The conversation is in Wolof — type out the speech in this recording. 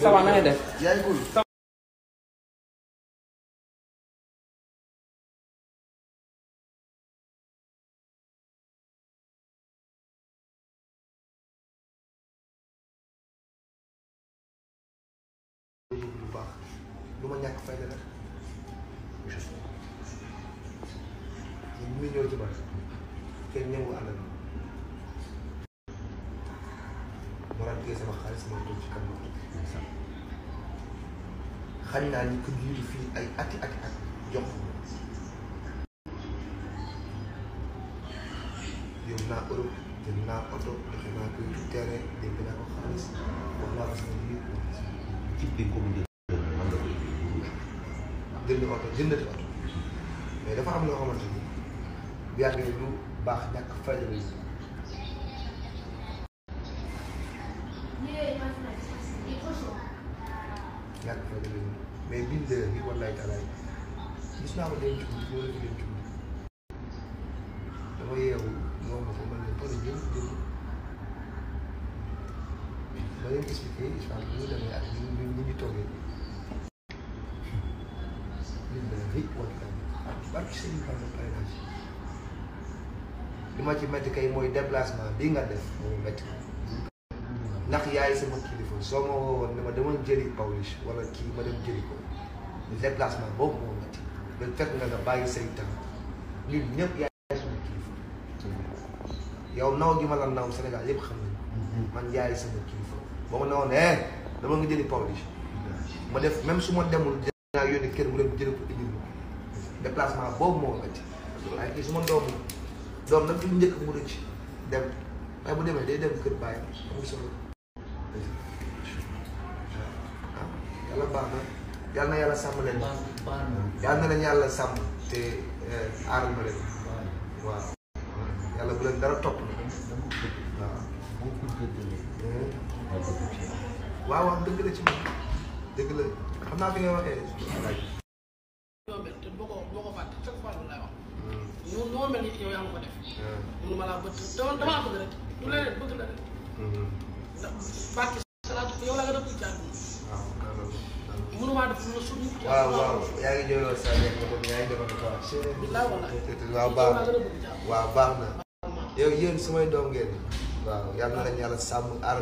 ça va na nga def. yaa ngi cool. lu ma ñàkk fayda nag ñun ñu ñëw ci man kenn ñëwul ànd na moo tax sama xaalis ma dugg ci kanam xam naa ni ko jiitu fii ay ati ati jox yow naa Europe jël naa oto joxe naa ko ci terrain dégg naa ko xaalis wax naa oto jëndati oto mais dafa am loo xamante ni bu yàggee lu baax ñàkk fayda jàpp na leen mais bindeur bi wallaay talaay gis naa ko dem ci guddi wala dem ci guddi dama yeewu ñoo ma ko mën leen pare jël jël ma leen expliqué histoire bi ñu demee ak ñu ñu ñu ñu toogee ñun dana lépp waxtaan ak barki seen par parrainage li ma ci métti kay mooy déplacement bii nga def mooy métti ndax yaay sama kilifa soo ma woowoon ne ma demoon jëli Pawlish wala kii ma dem jëli ko déplacement boobu moo métti le fekk nga nga bàyyi say temps ñun ñëpp yaay suñu kilifa yow naw gi ma la naw Sénégal yëpp xam nañ mhm. man yaay sama kilifa ba ma nawoon eh, dama nga jëli Pawlish ma def même su ma demul dinaa yónni kër mu dem jëli ko indi ma boobu moo métti waaye kii su ma doomu doom nag du njëkk mënu ci dem waaye bu demee day dem kër bàyyi amul solo yàlla baax na yàlla na yàlla sàmm leen. yàlla na leen yàlla sàmm te eh, aaral ma leen. waaw yàlla bu dara topp. waaw. waaw waaw dëgg la ci moom dëgg la xam naa fi nga waxee. noo hmm. noo mel ni hmm. bëgg dama rek du leneen bëgg la waaw waaw yaa ngi jëloon sa nekk moom yaa ngi defoon quoi. waaw baax na waaw baax na. yow yéen sumay doom ngeen waaw yal na leen yàlla sàmm aar